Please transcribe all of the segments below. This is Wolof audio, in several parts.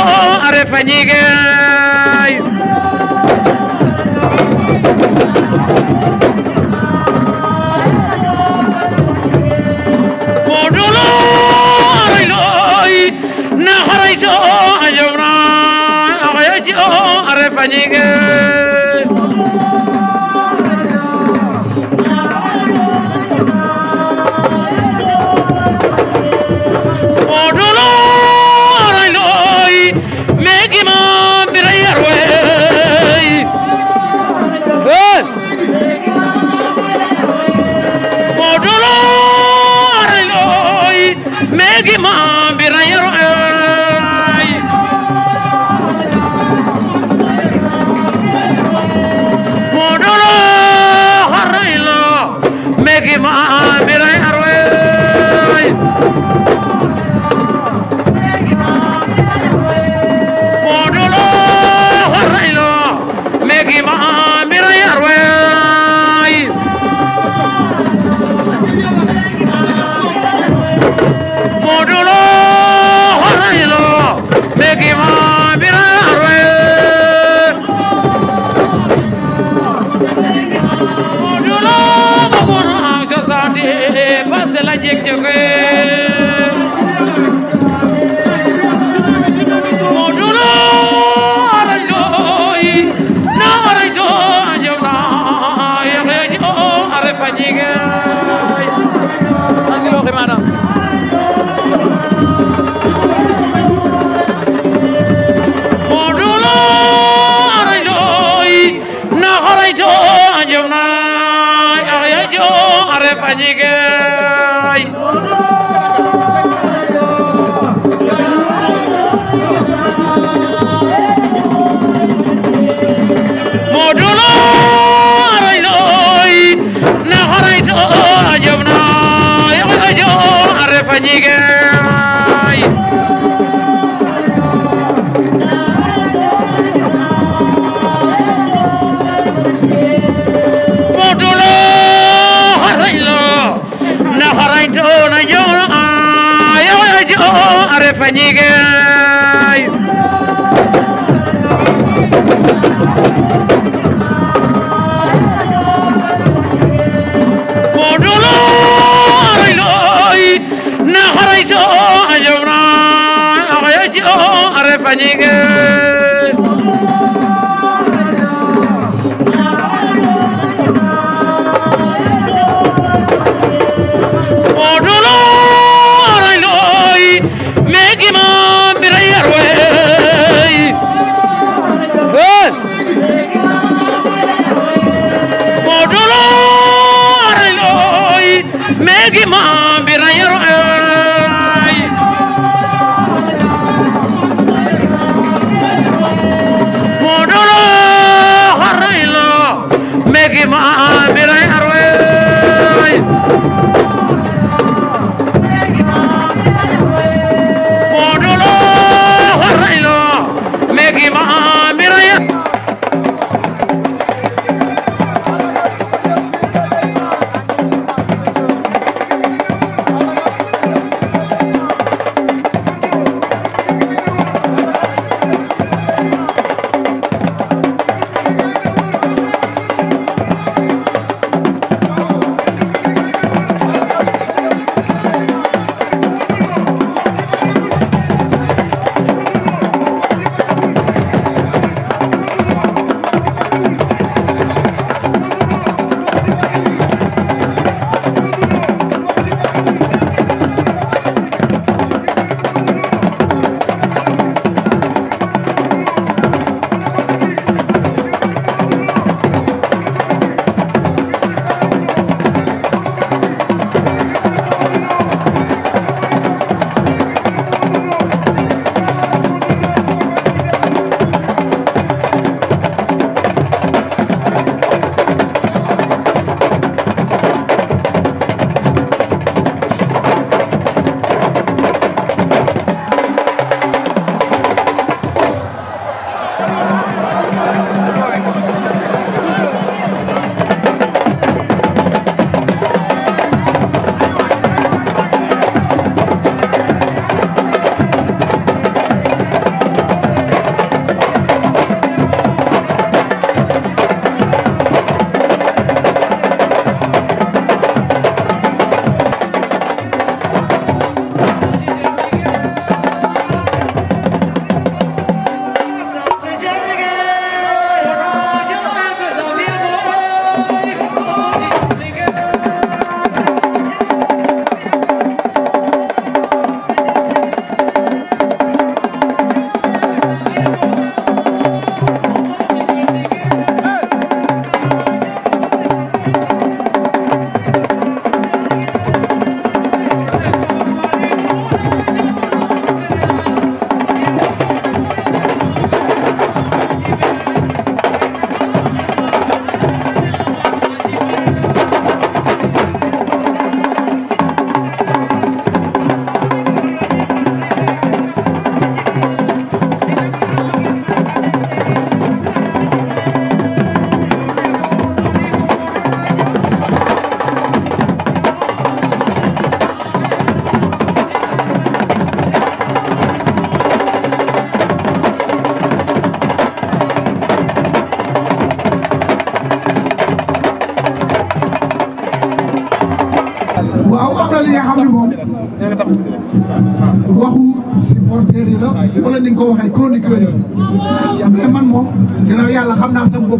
a ref a ñigey Modou Lo a roy looy na xaray to a jofna a xayaji o a ref Fermada Maniga. Mira, eh, arroyo.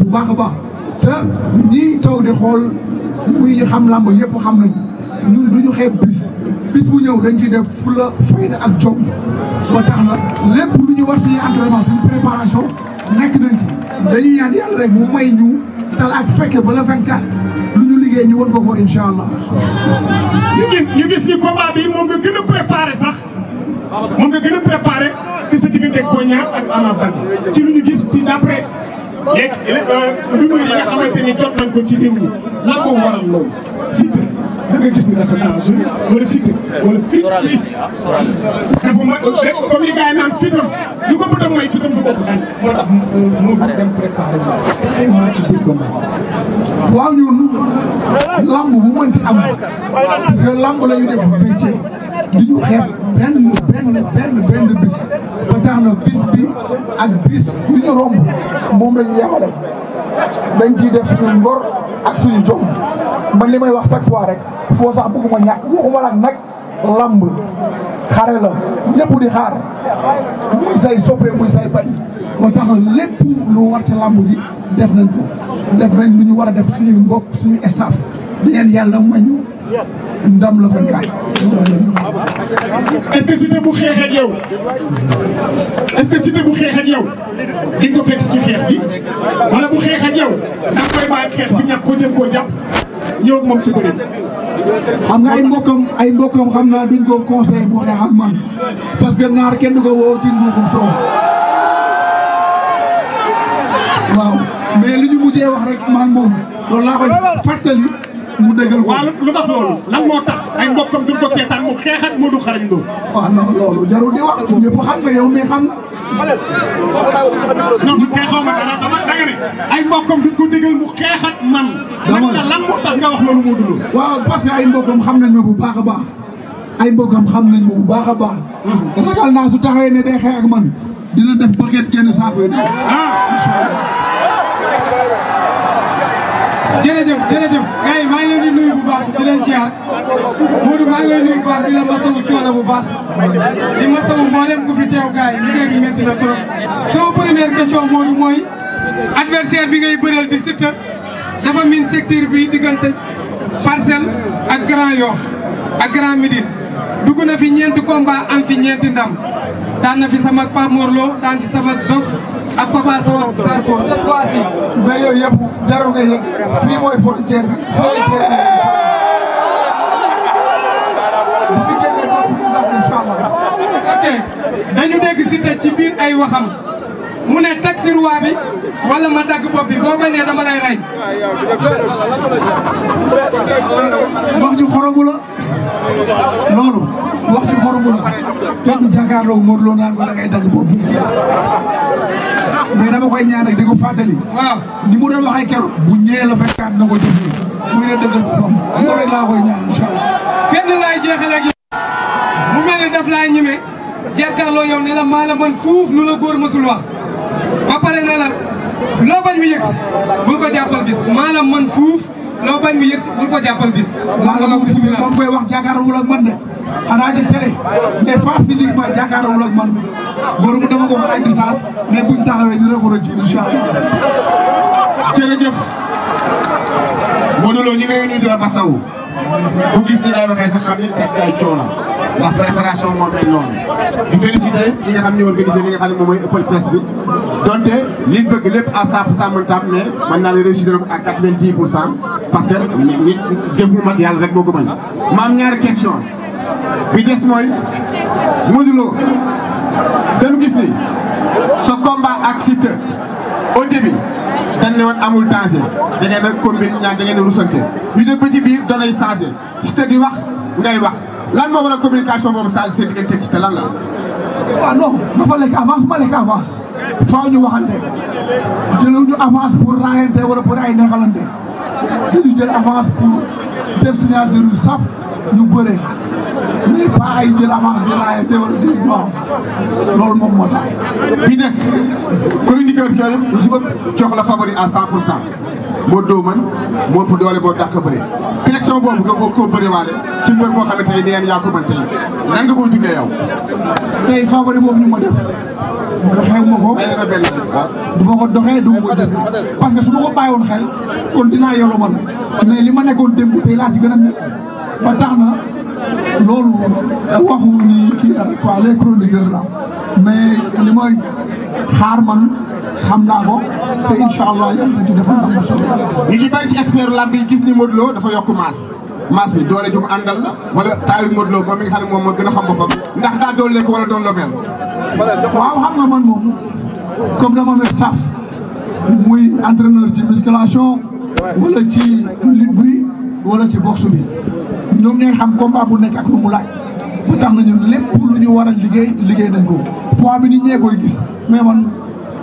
bu baax a baax te ñii taw di xool muy ñu xam làmb yëpp xam nañ ñun du ñu xeeb bis bis bu ñëw dañ ci def fula fayda ak jom ba tax na lépp lu ñu war si suñu entraînement suñu préparation nekk nañ ci dañuy ñaan yàlla rek mu may ñu tal ak fekke ba la 24 lu ñu liggéey ñu won ko ko incha allah. ñu gis ñu gis ni combat bi moom nga gën a préparé sax moom nga gën a préparé que sa diggante ak Boy ak Ama Baldé ci lu ñu gis ci d'après. léegi euh, euh, rumeur yi nga xamante ni jot nañ ko ci réew mi lan moo a loolu Siteu da nga gis ni dafa tension wala Siteu wala fit ah, bi dafa ma euh, comme li gars yi ko bëtam may fitam du ko dem préparé wu carrément ci biir waaw ñun lamb bu mënti am parce que lamb la ñu def métier di ñu xeeb benn benn benn benn bis ba tax na bis bi ak bis yu ñu romb moom la yemale dañ ciy def suñu ngor ak suñu jom man li may wax chaque fois rek foo sax bëgguma ñàkk waxuma la nag lamb xare la ñëpp di xaar muy say soppee muy say bañ ba tax lépp lu war ci lamb ji def nañ ko def nañ lu ñu war a def suñu mbokk suñu staff di leen yàlla mañu ndam la bonkaat est-ce que Siteu bu xeex ak yow est-ce que bu xeex ak yow di nga fekk ci xeex bi wala bu xeex ak yow da nga koy bàyyi xeex bi ñàkk ko jël koo jàpp ñëw moom ci bëri xam nga ay mbokkam ay mbokkam xam naa duñ ko conseil bu xeex ak man parce que naar kenn du ko woo ci nguuxum soow waaw mais li ñu mujjee wax rek man moom loolu laa koy fàttali mu dëggal ko waaw lu tax loolu lan moo tax ay mbokkam duñ ko seetaan mu xeex ak Modou Xarañ Lo waaw non loolu jarul di wax ñëpp xam nga yow mi xam na non kay xaw ma dara dama danga ne ay ko dëggal mu xeex ak man man lan moo tax nga wax loolu Modou Lo waaw parce que ay mbokkam xam nañ bu baax a baax ay mbokkam xam nañ ma bu baax a baax mm-hmm. ragal naa su taxawee ne day xeex ak man dina def ba xeet kenn saako yi ah incha jërëjëf jërëjëf gars yi maa ngi leen di bu baax di leen ziar Modou maa ngi lay nuyu bu baax di la masawu coono bu baax di masawu mboolem ku fi teew gars yi liggéey bi métti na trop. sama première question Modou mooy adversaire bi ngay bëreel di Siteu dafa miin secteur bi diggante Parcelles ak Grand Yoff ak Grand Médine dugg na fi ñeenti combat am fi ñeenti ndam. dan fi sama Pape Mor dan fi sama Zox ak Papa Sow Sarko cette fois ci. be yo yeb jaro nga yeb fi moy frontière bi frontière bi. ok dañu dégg Siteu ci bir ay waxam mu ne taxi roi bi wala ma dag bop bi bo bañee dama lay ray wax ju xoromu la loolu. wax ci xoromul kenn du jàkkaarloog Modou Lo naan ko da ngay dagg boobu. mais dama koy ñaan rek di ko fàttali. waaw ni mu doon waxee keroog. bu ñëwee la fekkaat na ko jëfee. mu ngi leen dëggal laa koy ñaan incha allah. mel yow ne la maa la mën fuuf nu la góor mësul wax ba pare ne la loo bañ mu yëg si bul ko jàppal bis maa la fuuf. loo bañ mu yëg si bul ko jàppal bis. maa ngi bis bi moom koy wax jàkkaarloo ak man de xanaa ci télé mais fa physiquement jàkkaarloo ak man góor mu dama ko wax à distance buñ taxawee ñu rek war a ji incha allah. jërëjëf Modou Lo ñu ngi nuyu di la Massawu bu gis ni ngay waxee sax xam ni teg ay coono ndax préparation moom lañ noonu di félicité ñi nga xam ne organisé xam ne moom mooy ëppal presse bi. donte liñ bëgg lépp à 100 pour cent mën taam naa ne réussir na ko à 90 pour cent parce que nit def mu mat yàlla rek boo ko bañ. maam ñaari question bi des mooy Modou Lo dañu gis ni sa combat ak Siteu au bi dañ ne woon amul danger da ngeen a ñaa ñaar da ngeen a rusante ñu dem ba ci biir danay changé Siteu di wax ngay wax lan moo waral communication boobu changé seen diggante Siteu lan la. waaw ah, non dafa lekk avance ma lekk avance faaw ñu waxante jëlu avance pour raayante wala dañu jël avance pour def signature saf ñu bëre mais pas ay jël avance di raayante wala di non loolu moom moo tax. bi des chroniqueur yooyu lu si bëgg jox la favori à 100 pour cent moo dóo moo ëpp doole moo dàq bëre. élection boobu nga ko ko bëriwaale ci mbër boo xam ne tey neen yaa ko mën tey nan nga ko dundee yow. tey favori boobu ñu ma def doxee du ma ko doxee parce que su ko bàyyi woon xel kon dinaa yolo man mais li ma nekkoon démb tey laa ci a nekk ba tax na loolu waxu ni kii dara quoi les chroniqueurs la mais li ma xaar man. xam naa ko te incha allah yàlla nañ ci defal ndax mu soobee yàlla. ñu bari ci expert lamb yi gis ni Modou Lo dafa yokk maas maas bi doole ju mu àndal la wala taayu Modou Lo moom xam moom moo gën a xam boppam ndax daa doole ko wala doon la mel. waaw moom comme dama ne staff muy entraîneur ci musculation wala ci lutte bi wala ci boxe bi ñoom ñooy xam combat bu nekk ak lu mu laaj bu tax nañu lépp lu ñu war a liggéey liggéey nañ ko poids bi nit ñee koy gis mais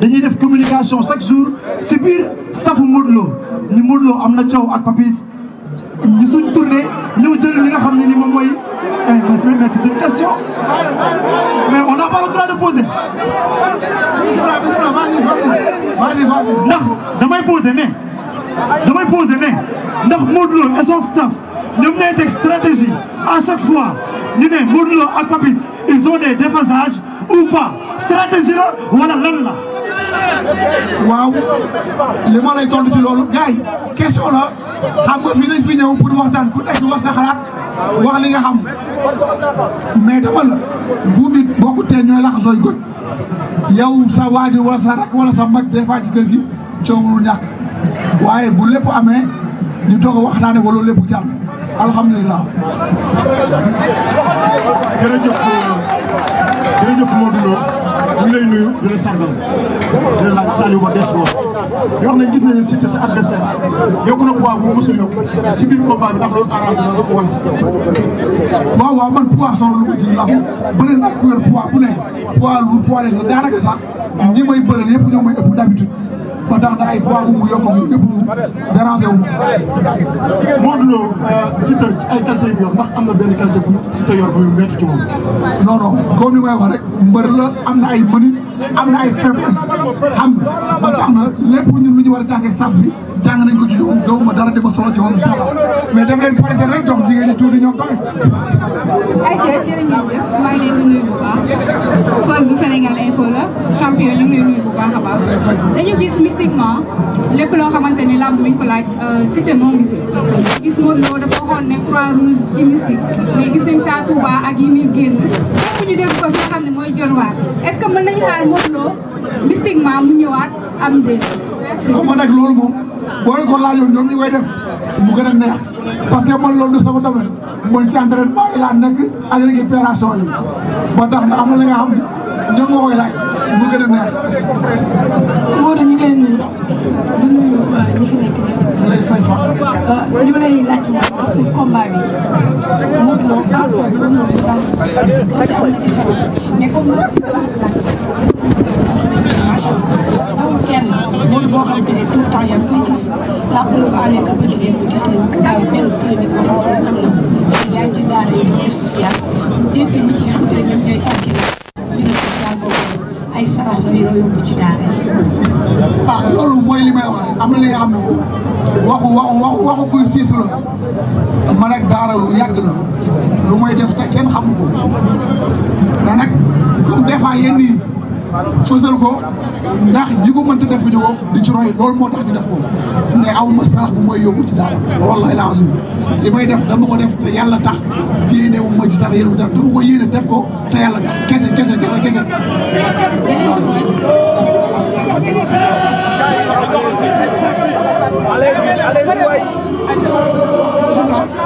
dañuy def communication chaque jour ci biir staff modlo, Lo ñu Modou Lo am na coow ak Papis ñu suñ tournée ñëw jël li nga ni eh, mais c'est une question mais on n'a pas le droit de poser. bisimilah bisimilah vas-y vas-y vas-y vas-y ndax damay poser né damay poser pose, ndax modlo, et son staff ñom ñooy teg stratégie à chaque fois ñu né modlo, ak Papis ils ont des déphasages ou pas stratégie là, wala lan la. waaw li ma lay tontu ci loolu gars yi question la xam nga fii dañ fi ñëw pour waxtaan ku nekk wax sa xalaat wax li nga xam mais dama la bu nit bokk teen ñooy laxa sooy goj yow sa waajur wala sa rak wala sa mag des fois ci kër gi coow mu ñàkk waaye bu lépp amee ñu toog a waxtaane wala lépp jàll alhamdulilah jërëjëf jërëjëf Modou Lo ñu lay nuyu di la sargal di la laaj des lool yoo xam ne gis nañu Siteu sa adversaire yokku na poids bu mosul yokk si biir combat bi ndax loolu arrangé na la wala. waaw waaw man poids solo lu ko ci làmb bëri na ku yor ne poids lu poids la daanaka sax ñi may bëri yëpp ñoo may ëpp d'habitude ba tax na ay poids bu mu yokk ak yooyu yëpp dérangé wu ma. Modou Lo euh, Siteu ci ay qualité yu mu yor ndax am na benn qualité bu Siteu yor bu métti ci moom. non non comme ni may wax la am na ay mëni am na ay faiblesse xam nga ba tax na lépp ñun lu ñu war a jàngee sàmm bi jàng nañ ko ci dugub gaw ma dara dama solo ci woon jox jigéen ñi tuuti la champion ñu ngi lay nuyu bu baax a baax. dañu gis mystiquement lépp loo xamante ni làmb mi ko laaj cité euh, moo si. gis Modou Lo dafa waxoon ne croix rouge ci mystique mais gis nañ saa Touba ak yi muy génn lépp ñu dégg ko fi xam ne mooy jolwaar est ce que mën nañu xaar Modou Lo mystiquement mu ñëwaat am déet. merci man nag loolu moom boo leen ko laajoon ñoom ñu koy def mu gën a neex parce que man loolu du sama domaine man ci entraînement yi laa nekk ak récupération yi ba tax na am na la nga xam ne ñoom nga koy laaj mu gën a neex. Modou ñu ngi leen nuyu di nuyu ñi fi nekk ñëpp. lay fay fa. Ah, li ma lay laaj moom parce que combat bi Modou Lo en tout cas loolu moom la ñu sànq. parce que am na différence mais comme. génération kenn Modou boo xamante tout le temps yaa ngi koy gis la ay sarax la yoo yóbbu ci daara yi. Ah, loolu mooy li may wax am na li nga xam waxu waxu waxu kuy siis la man ak daara lu yàgg la lu may def kenn xamu ko comme des fois yenn ko. ndax ñi ko mënta def ñu ko di ci roy loolu moo tax ñu def ko mais aw ma sarax bu mooy yóbbu ci daara wallahi li may def dama ko def te yàlla tax ci yéene wu ci sarax yéene tax dama ko yéene def ko te yàlla tax kese kese kese kese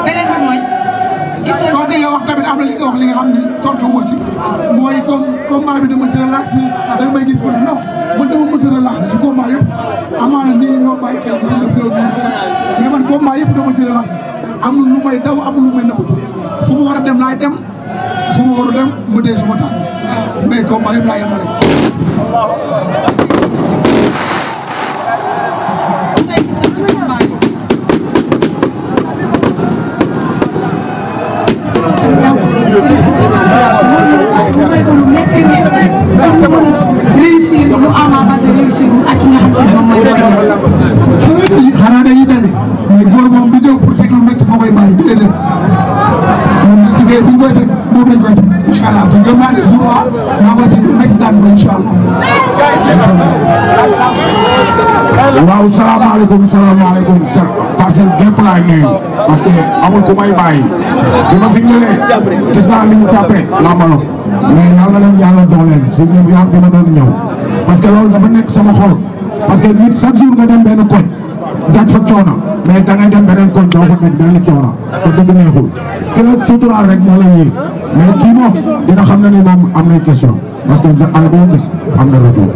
beneen bi mooy gis nañu comme li nga li nga xam ni tontu wu ma ci mooy comme combat bi dama ci may gis ful non man dama mës a relaxé ci combat yëpp amaana nii ñoo bàyyi xel gis nga féew ñoom si mais man combat yëpp dama ci relaxé amul lu may daw amul lu may nëbbatu fu ma war a dem laay dem fu ma war a dem mu dee suma tànk mais combat yëpp laay yemale maaleykum salaamaaleykum sër parcelle gépp laay nuyu parce que amul ku may bàyyi bi ma fi ñëwee gis naa ni ñu jàppee làmbaloo mais yàlla na leen yàlla dooleel su ñëw yàlla dina doon ñëw parce que loolu dafa nekk sama xol parce que nit chaque jour nga dem benn koñ daj fa coono mais da ngay dem beneen koñ doo fa daj benn coono te dëgg neexul ki la suturaal rek moo la mais kii moom dina xam ne ni moom am nay question parce que am na gis am na retour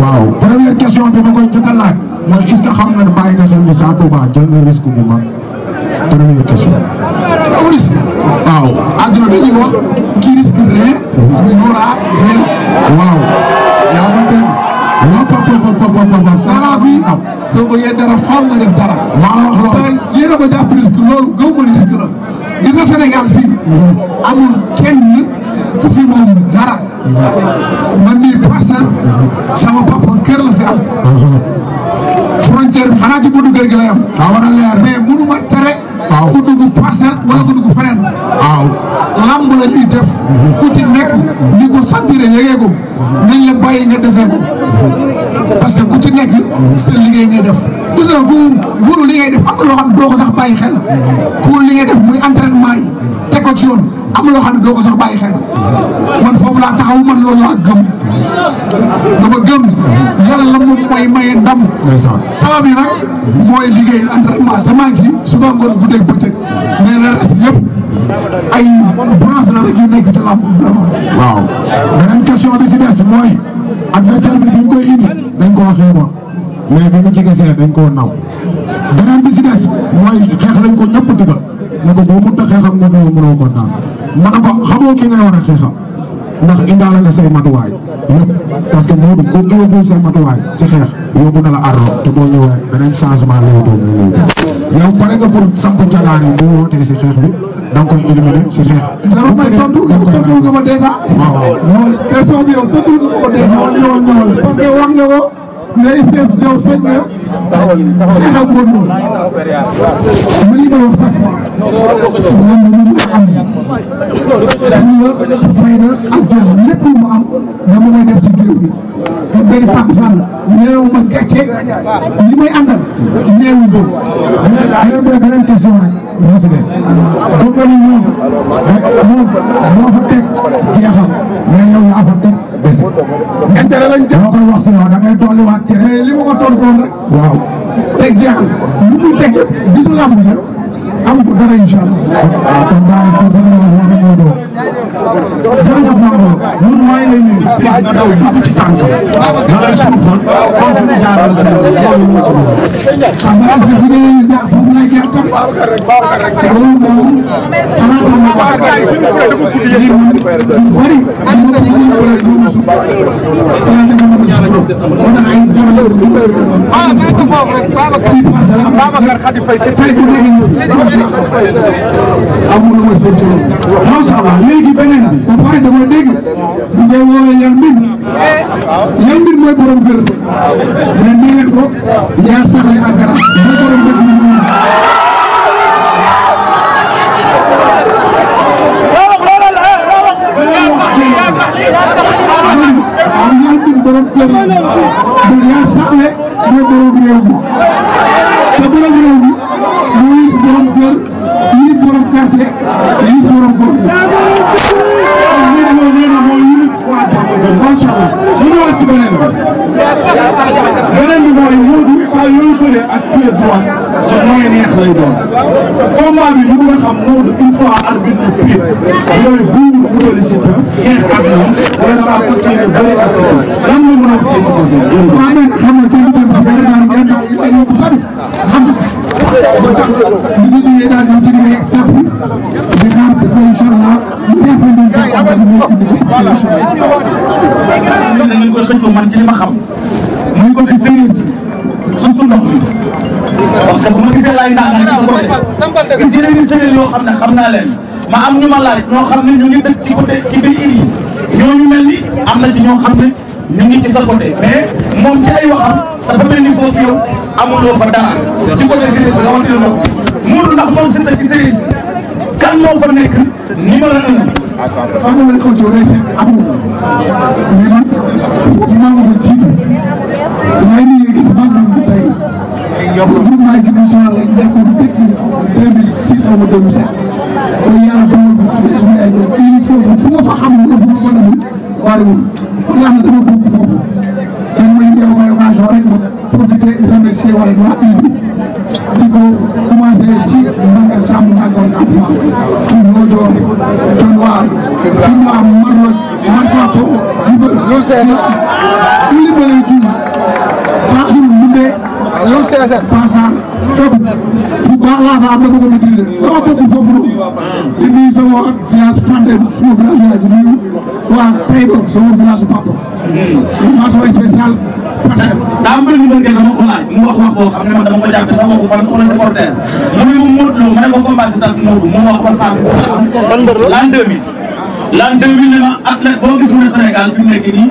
waaw première question a mooy est-ce que xam nga ne bàyyi nga xel ni Sa Touba jël na risque bu mag première question. waaw risque. waaw àdduna dañuy wax ki risque rien n'aura rien. waaw. yaa ngi dégg. waaw pop pop pop pop pop ça la vie am. soo ko yee dara faaw nga def dara. maa wax loolu yéen a ko jàpp risque loolu gaw ma risque la. gis nga Sénégal fii. amul kenn ku fi moom dara. Mm-hmm. man mii parcelle. buntu kër gi lay am. waaw war na leer mais munu tere. waaw ku dugg parcelle wala ku dugg feneen. waaw lamb la def. ku ci nekk ni ko sentiré yëgee ko nañ la bàyyi nga defee ko parce que ku ci nekk sa liggéey nga def. parce que ku wóorul li ngay def am na loo xam doo ko sax bàyyi xel ku li ngay def muy entraînement yi te ko ci yoon. am loo xam ne doo sax xel man foofu laa taxaw man loolu laa gëm dama gëm yàlla la moom maye ndam sabab yi nag mooy liggéey entraînement te ci suba ngoon guddeeg bëccëg mais le reste yëpp ay branche la rek yu nekk ci làmb vraiment waaw beneen question bi si des mooy adversaire bi dañ koy indi dañ koo xeeba mais bi mu dañ naw bi lañ ko digal ko ma ne ko xamoo ki ngay war a xeexam ndax indaale nga say matuwaay yëpp parce que Modou ku yóbbul say matuwaay si xeex yow pare nga pour samp cagaar yi bu wootee si xeex bi da koy éliminer si xeex. jarul may tontu tontu nga ko dèjà. sax moo fa teg daw dugg ci tànkam loolay suñu xol kon suñu jaarale si loolu moo ci gerte loolu moom xalaatam la baax ngir mu bëri moo ko bëggoon bëri ñoom suuf xalaat nga mën a suuf moo tax ay borom yu bëri yoon. léegi beneen bi ba pare dama dégg ñu koy woowee yan mbir yan mbir mooy borom kër mais nee leen ko yaar sax la ak garab mooy borom kër borom kër yi du yaa saxle mooy borom réew mi te borom réew mi mooy yilif borom kër yilif borom quartier yilif borom gox yi. moom mooy nee na mooy yilif waa Diakhoune macha allah ñu ñëwaat ci beneen bi. ak pied droit sa nooy neex lay doon combat bi ñu mën a xam Modou une fois arbitre na pied yooyu bu wutali Siteu xeex ak moom wala damaa fas yéene bëri ak Siteu lan nga mën a wax ci ci côté waaw mais xam nga kenn du def dara daan ngeen daaw yi dañoo ko tamit xam ba tax li ñu ñëwee daan ñëw ci li ngay exemple di xaar bis ba incha allah ñu def lu ñu def ak ñu ci li voilà ñu ne ngeen koy xëccoo man ci li ma xam muy ko di série sa que bu ma gisee laay naan naan gis sa côté gis yeneen yoo xam ne xam naa leen ma am ñu ma laaj ñoo xam ne ñu ngi dëkk ci côté ci biir île yi ñooñu mel ni am na ci ñoo xam ne ñu ngi ci sa côté mais moom ci ay waxam dafa mel ni foofu yow amuloo fa dara ci côté séeréer si rawatina ndox Modou ndax moom si ci séeréer kan moo fa nekk numéro un. xam nga kaw coono yi amul mais man ci maa ngi doon jiitu waaye nii gis maa ngi yokk groupement équipe nationale la nekkoon depuis 2006 ama 2007 ba yàlla dogal bu tuddee suñu ay doom unifié bu fu ma fa xam ne fu ma mën a mun bariwul kon yàlla dama bokk foofu dañ may ñëw may occasion rek ma profité remercier wala waa IBI di ko commencé ci Magal Samb Magal Campement fi ñoo joor John Waar fi ñu am Marlo Marfato Jibal CSN. si ba laata am na bëgg a maîtriser dama bokk foofu noonu. di nuyu sama village Fandène sama village yaay di nuyu waa Taïba sama village papa. maa sama spécial parcelle. am benn numéro kenn dama wax wax fan sama supporter mu ne boo gis mu ne Sénégal nekk nii.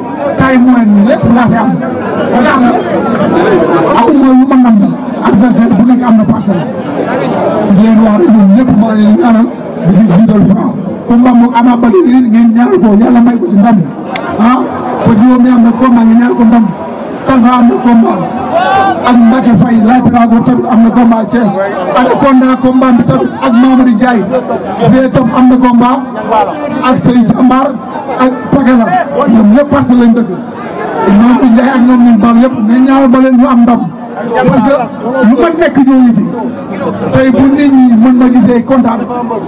taay mooy lépp laa fi am ba tax lu ma nam adversaire bu nekk am na parcelle di leen wax ñun ñëpp maa leen ñaanal di ci jiital Franc combat moom Ama Baldé ngeen ngeen ñaanal ko yàlla may ko ndam ah, am na combat ngeen ñaanal ko ndam Talfa am na combat ak Mbacke Faye laaj Pirago tamit am na combat Thiès ak Konda combat bi tamit ak Mamadou Ndiaye fee tam am na combat ak Sey Jambar ak Pakala ñoom ñëpp parce que lañ dëgg ñoom Ndiaye ak ñoom ñun Bam yëpp mais ñaar ba leen ñu am ndam parce que lu ma nekk ñoo ngi ci tey bu nit ñi mën ma gisee kontaan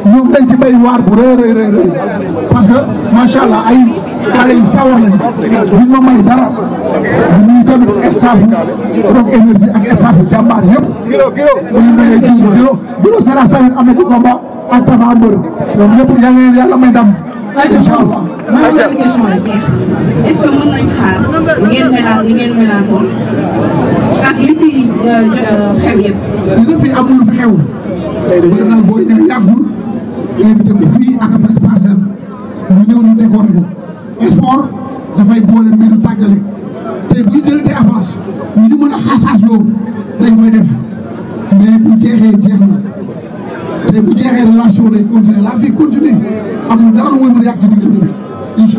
ñoom dañ ci béy waar bu rëy rëy rëy parce que macha allah ay xale yu sawar lañu duñ ma may dara du ñuy tamit staffu Rock Énergie ak staffu jàmbaar yëpp bu ñu mayee jiw juróom juróom sera sawit am na ci combat ak tafa mbër ñoom ñëpp yàlla yàlla may ndam incha allah man benn question la jeex est-ce que mën nañ li fi euh, euh, fi amul lu fi xew. tey ko bu ñu jëlee dañ koy def mais bu jeexee jeex na te bu jeexee relation day continuer la vie continue amul dara lu muy mën a